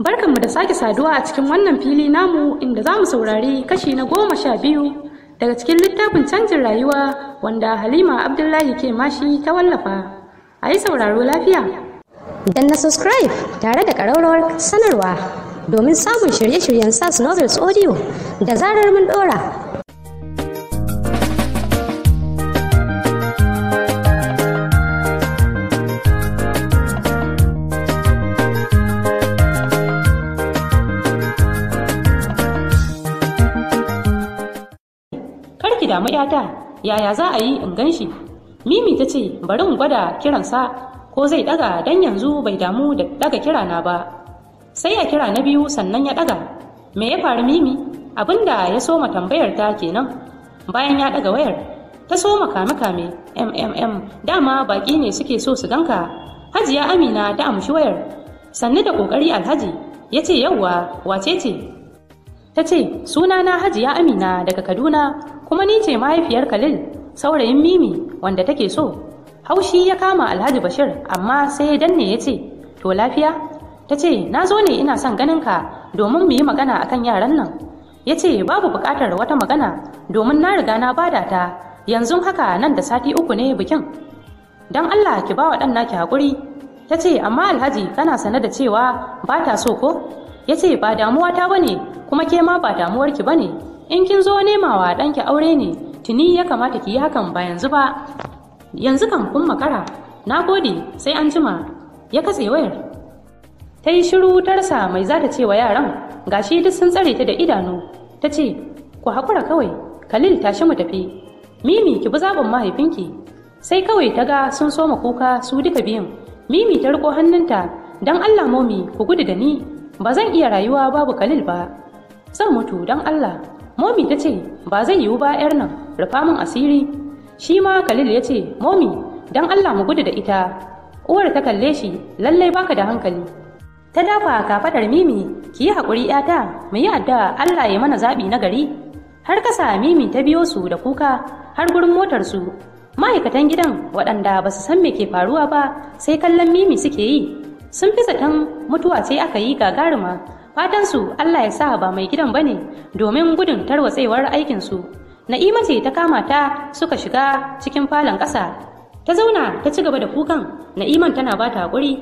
Barkanmu da sake saduwa a cikin wannan fili namu inda za mu saurari kashi na goma sha biyu daga cikin littafin canjin rayuwa wanda Halima Abdullahi ke mashi ta wallafa. A yi sauraro lafiya. don na subscribe tare da ƙararrawar sanarwa domin samun shirye-shiryen SAS Novels Audio da zarar mun ɗora yata yaya za a yi in gan shi mimi ta ce bari in gwada kiransa ko zai daga dan yanzu bai damu da daga kira na ba sai ya kira na biyu sannan ya daga me ya faru mimi abinda ya soma tambayar ta kenan bayan ya daga wayar ta soma kame-kame mmm dama baki ne suke so su ganka hajiya amina ta amshi wayar sannu da kokari alhaji ya ce yauwa wace ce ta ce suna na hajiya amina daga kaduna kuma ni ce mahaifiyar Khalil saurayin Mimi wanda take so haushi ya kama Alhaji Bashir amma sai ya danne ya ce to lafiya ta ce na zo ne ina son ganin ka domin mu yi magana akan yaran nan ya ce babu buƙatar wata magana domin na riga na bada ta yanzu haka nan da sati uku ne bikin don Allah ki ba wa ɗan naki haƙuri ta ce amma alhaji kana sane da cewa ba ta so ko ya ce ba damuwa ta bane kuma ke ma ba damuwarki bane in kin zo nemawa ɗanki aure ne tuni ya kamata ki yi hakan ba yanzu ba yanzu kan kun makara na gode sai an jima ya katse wayar ta yi shiru rasa mai za ta ce wa yaran gashi duk sun tsare ta da idanu ta ce ku haƙura kawai khalil tashi mu tafi mimi ki bi zaɓin mahaifinki sai kawai ta ga sun soma kuka su duka biyun mimi ta riko hannunta don allah momi ku gudu da ni ba zan iya rayuwa babu khalil ba zan mutu don allah momi ta ce ba zai yiwu ba yar nan rufa min asiri shi ma khalil ya ce momi don allah mu gudu da ita uwar ta kalle shi lallai baka da hankali ta dafa kafadar mimi ki yi haƙuri yata mu yi addu'a allah ya mana zaɓi na gari har kasa mimi ta biyo su da kuka har gurin motar su ma'aikatan gidan waɗanda ba su san me ke faruwa ba sai kallon mimi suke yi sun fi zaton mutuwa sai aka yi gagaruma fatan su Allah ya sa ba mai gidan bane domin gudun tarwatsewar aikin su Na'ima ce ta kama ta suka shiga cikin falon ƙasa. Ta zauna ta ci gaba da kukan, Na'iman tana ba ta haƙuri.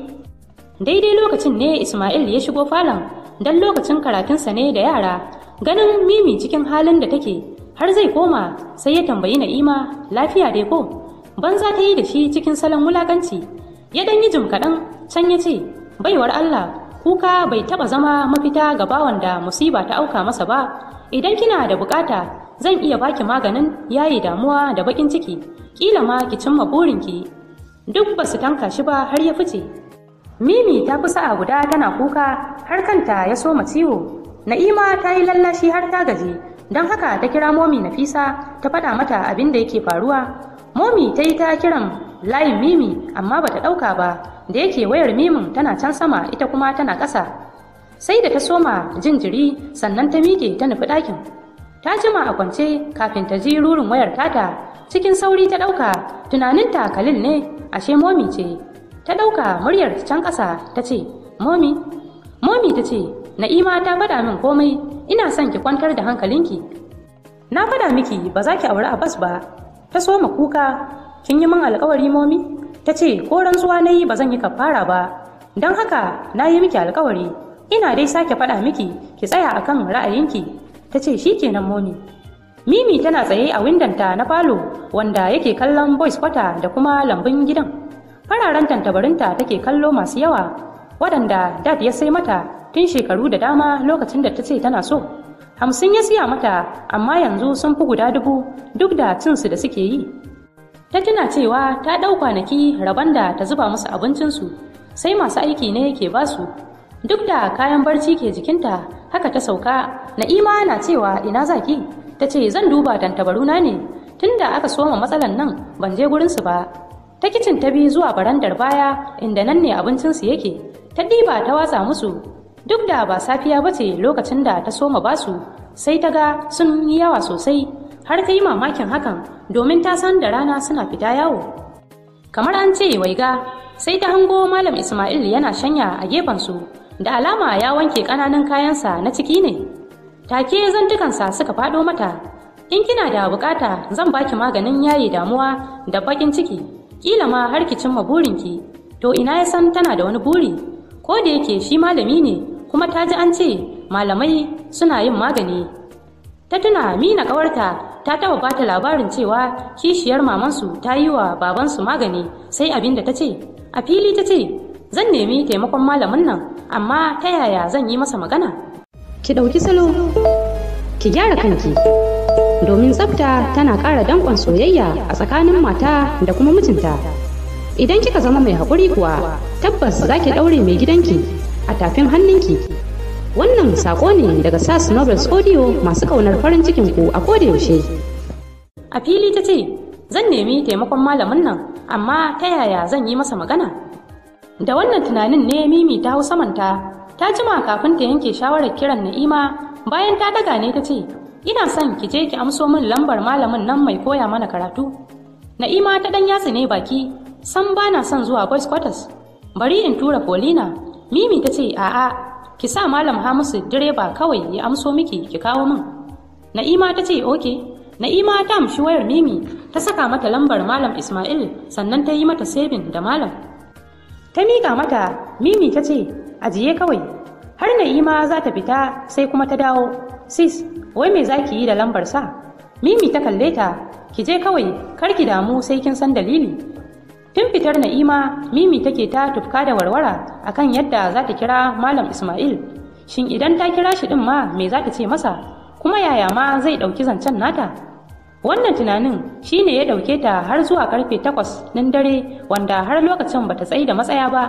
Daidai lokacin ne Ismail ya shigo falon, don lokacin karatunsa ne da yara. Ganin Mimi cikin halin da take, har zai koma sai ya tambayi Na'ima lafiya dai ko? Banza ta yi da shi cikin salon wulakanci. Ya danyi jim kaɗan, can ya ce, baiwar Allah kuka bai taba zama mafita ga bawan da musiba ta auka masa ba idan kina da bukata zan iya baki maganin yayi damuwa da bakin ciki kila ma ki cimma burinki duk basu tanka shi ba har ya fice mimi ta fi sa'a guda tana kuka har kanta ya soma ciwo na'ima ta yi lallashi har ta gaji don haka ta kira momi nafisa ta faɗa mata abin da yake faruwa momi ta yi ta kiran layin mimi amma bata ɗauka ba da yake wayar mimin tana can sama ita kuma tana ƙasa sai da ta soma jin jiri sannan ta miƙe ta nufi ɗakin ta jima a kwance kafin ta ji rurin wayar tata cikin sauri ta ɗauka tunaninta kalil ne ashe momi ce ta ɗauka muryar can ƙasa ta ce momi momi ta ce na'ima ta faɗa min komai ina son ki kwantar da hankalinki na faɗa miki ba za ki auri bas ba ta soma kuka kin yi min alkawari momi ta ce ko rantsuwa na yi ba zan yi kafara ba don haka na yi miki alkawari ina dai sake faɗa miki ki tsaya a kan ra'ayinki ta ce shi kenan momi mimi tana tsaye a windanta na falo wanda yake kallon boys kwata da kuma lambun gidan fararen tantabarinta take kallo masu yawa waɗanda dad ya sai mata tun shekaru da dama lokacin da ta ce tana so hamsin ya siya mata amma yanzu sun fi guda dubu duk da cinsu da suke yi ta tuna cewa ta ɗau kwanaki rabon da ta zuba musu abincinsu sai masu aiki ne ke basu duk da kayan barci ke jikinta haka ta sauka na'ima na cewa ina zaki ta ce zan duba na ne tunda aka soma matsalan nan ban je gurinsu ba ta kicin ta bi zuwa barandar baya inda nan ne abincinsu yake ta ɗiba ta watsa musu duk da ba safiya ba ce lokacin da ta soma basu sai ta ga sun yi yawa sosai har ka yi mamakin hakan domin ta san da rana suna fita yawo kamar an ce waiga sai ta hango malam ismail yana shanya a gefen su, da alama ya wanke ƙananan kayansa na ciki ne take zantukansa suka faɗo mata in kina da bukata zan baki maganin yayi damuwa da baƙin ciki kila ma har ki cimma burinki to ina ya san tana da wani buri ko da yake shi malami ne kuma ta ji an ce malamai suna yin magani ta tuna mina ƙawarta. ta taba bata labarin cewa kishiyar mamansu ta yi wa babansu magani sai abin da ta ce a fili ta ce zan nemi taimakon malamin nan amma ta yaya zan yi masa magana ki ɗauki salo ki gyara kanki domin tsafta tana ƙara danƙon soyayya a tsakanin mata da kuma mijinta idan kika zama mai haƙuri kuwa tabbas za ki ɗaure mai gidanki a tafin hannunki Wannan sako ne daga SAS Novels Audio masu kaunar farin cikin ku a yaushe. A fili ta ce, zan nemi taimakon malamin nan, amma ta yaya zan yi masa magana? Da wannan tunanin ne Mimi ta hau samanta, ta jima kafin ta yanke shawarar kiran Na'ima bayan ta daga ne ta ce, ina son ki je ki amso min lambar malamin nan mai koya mana karatu. Na'ima ta dan yatsa ne baki, san bana son zuwa boys quarters. Bari in tura Polina. Mimi ta ce a'a ki sa malam hamisu direba kawai ya amso miki ki kawo min na'ima ta ce oke na'ima ta amshi wayar mimi ta saka mata lambar malam ismail sannan ta yi mata sebin da malam ta miƙa mata mimi ta ce ajiye kawai har na'ima za ta fita sai kuma ta dawo sis wai me za ki yi da lambar sa mimi ta kalle ta ki je kawai kar ki damu sai kin san dalili tun fitar na'ima mimi take ta tufka da warwara akan yadda za ta kira malam ismail shin idan ta kira shi din ma me za ta ce masa kuma yaya ma zai ɗauki zancen nata wannan tunanin shine ya ɗauke ta har zuwa karfe takwas nan dare wanda har lokacin bata tsayi da matsaya ba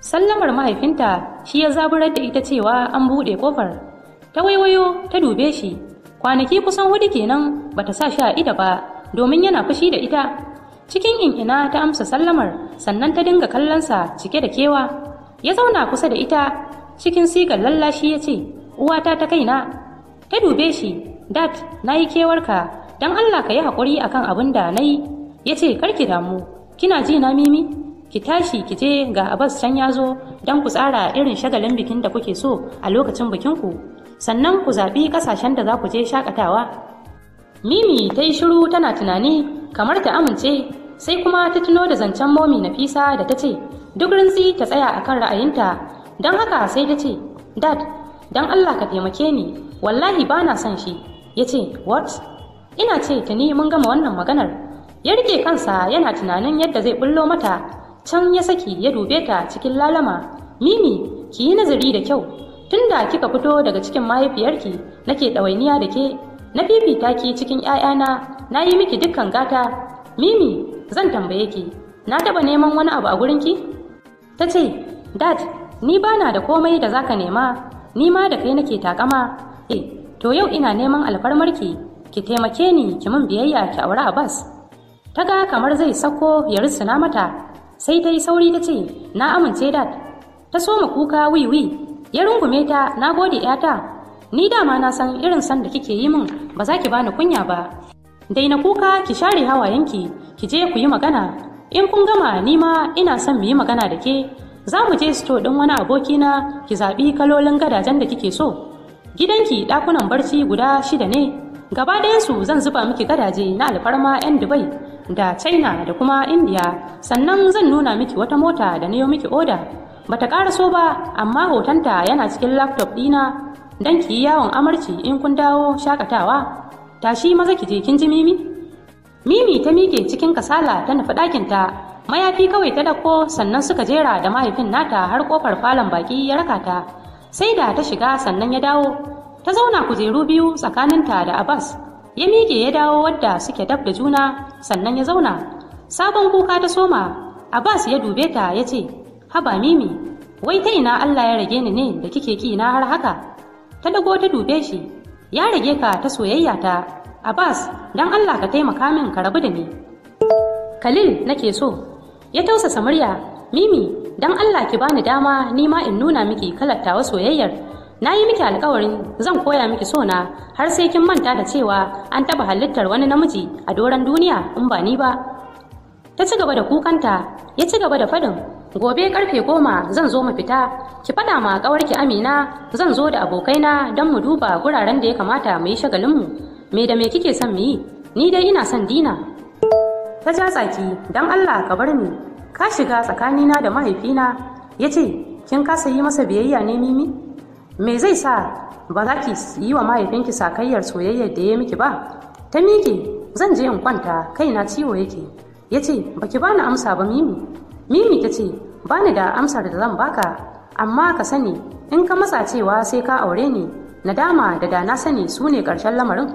sallamar mahaifinta shi ya zaburar da ita cewa an buɗe kofar ta waiwayo ta dube shi kwanaki kusan hudu kenan bata sa shi a ida ba domin yana fushi da ita cikin ina ta amsa sallamar sannan ta dinga kallonsa cike da kewa ya zauna kusa da ita cikin sigar lallashi ya ce uwata ta kaina ta dube shi dat na yi kewarka don allah ka yi haƙuri akan abin da na yi ya ce ki damu kina ji na mimi ki tashi ki je ga abbas can ya zo don ku tsara irin shagalin bikin da kuke so a lokacin bikinku sannan ku zaɓi ƙasashen da za ku je shakatawa mimi ta yi shiru tana tunani kamar ta amince sai kuma ta tuno da zancen momi nafisa da ta ce duk rinsi ta tsaya a kan ra'ayinta don haka sai ta ce dad don allah ka taimake ni wallahi ba na son shi ya ce what ina ce ta ni mun gama wannan maganar ya rike kansa yana tunanin yadda zai bullo mata can ya saki ya dube ta cikin lalama mimi ki yi nazari da kyau tunda kika fito daga cikin mahaifiyarki nake ɗawainiya da ke na fifita ki cikin ‘ya'yana na yi miki dukkan gata mimi zan tambaye ki na taba neman wani abu a gurinki ta ce dad ni bana da komai da zaka nema ni ma da kai nake takama eh to yau ina neman alfarmarki ki taimake ni ki min biyayya ki aure bas. ta ga kamar zai sako ya rusuna mata sai ta yi sauri ta ce na amince dad ta soma kuka wiwi ya rungume ta na gode yata ni dama na san irin san da kike yi min ba za ki bani kunya ba daina kuka ki share hawayenki ki je ku yi magana in kun gama nima ina son mu yi magana da ke za mu je sito ɗin wani abokina ki zaɓi kalolin gadajen da kike so gidanki ɗakunan barci guda shida ne gaba su zan zuba miki gadaje na alfarma 'yan dubai da china da kuma india sannan zan nuna miki wata mota da na miki oda bata so ba amma hotonta yana cikin laptop ɗina don ki yawon amarci in kun dawo shakatawa tashi maza ki je kin ji mimi mimi ta mike cikin kasala ta nufi ɗakin ta mayafi kawai ta dako sannan suka jera da mahaifin nata har kofar falon baki ya raka ta sai da ta shiga sannan ya dawo ta zauna kujeru biyu tsakaninta da abbas ya miƙe ya dawo wadda suke dab da juna sannan ya zauna sabon kuka ta soma abbas ya dube ta ya ce haba mimi wai ta ina allah ya rage ni ne da kike ki na har haka ta dago ta dube shi ya rage ka ta soyayya ta Abbas don Allah ka taimaka min ka rabu da ni. Khalil nake so, ya tausasa murya, Mimi don Allah ki bani dama ni ma in nuna miki kalattawa soyayyar. Na yi miki alkawarin zan koya miki sona har sai kin manta da cewa an taba halittar wani namiji a doron duniya in ba ni ba. Ta ci gaba da kukanta, ya ci gaba da fadin gobe karfe goma zan zo mu fita ki faɗa ma ƙawarki amina zan zo da abokaina don mu duba guraren da ya kamata mu yi mu. me da me kike son mu yi ni dai ina son dina ta ja tsaki don allah ka bar ni ka shiga tsakanina da mahaifina ya ce kin kasa yi masa biyayya ne mimi me zai sa ba za ki yi wa mahaifinki sakayyar soyayyar da ya miki ba ta miki, zan je in kwanta kaina ciwo yake ya ce baki bani amsa ba mimi Mimi ta ce, ba ni da amsar da zan baka, amma ka sani in ka matsa cewa sai ka aure ni, nadama da da na sani su ne ƙarshen lamarin.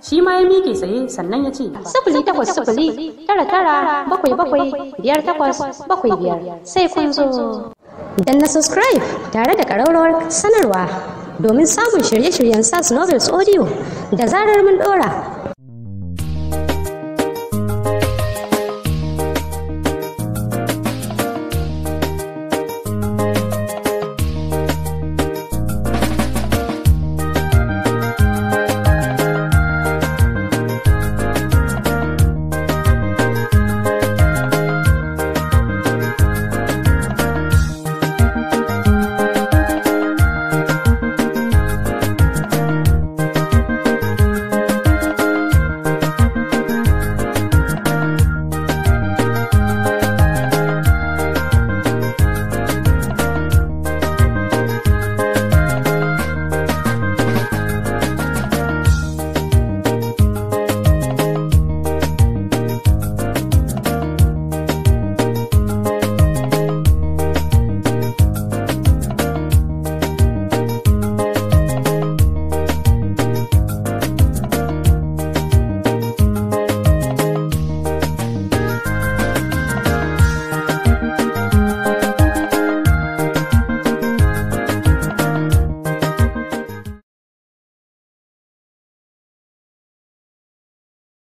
Shi ma ya miƙe tsaye sannan ya ce, "Sufuli takwas sufuli, tara tara, bakwai bakwai, biyar takwas, bakwai biyar, sai kun zo. Dan na subscribe tare da ƙararrawar sanarwa domin samun shirye-shiryen SAS Novels Audio da zarar mun ɗora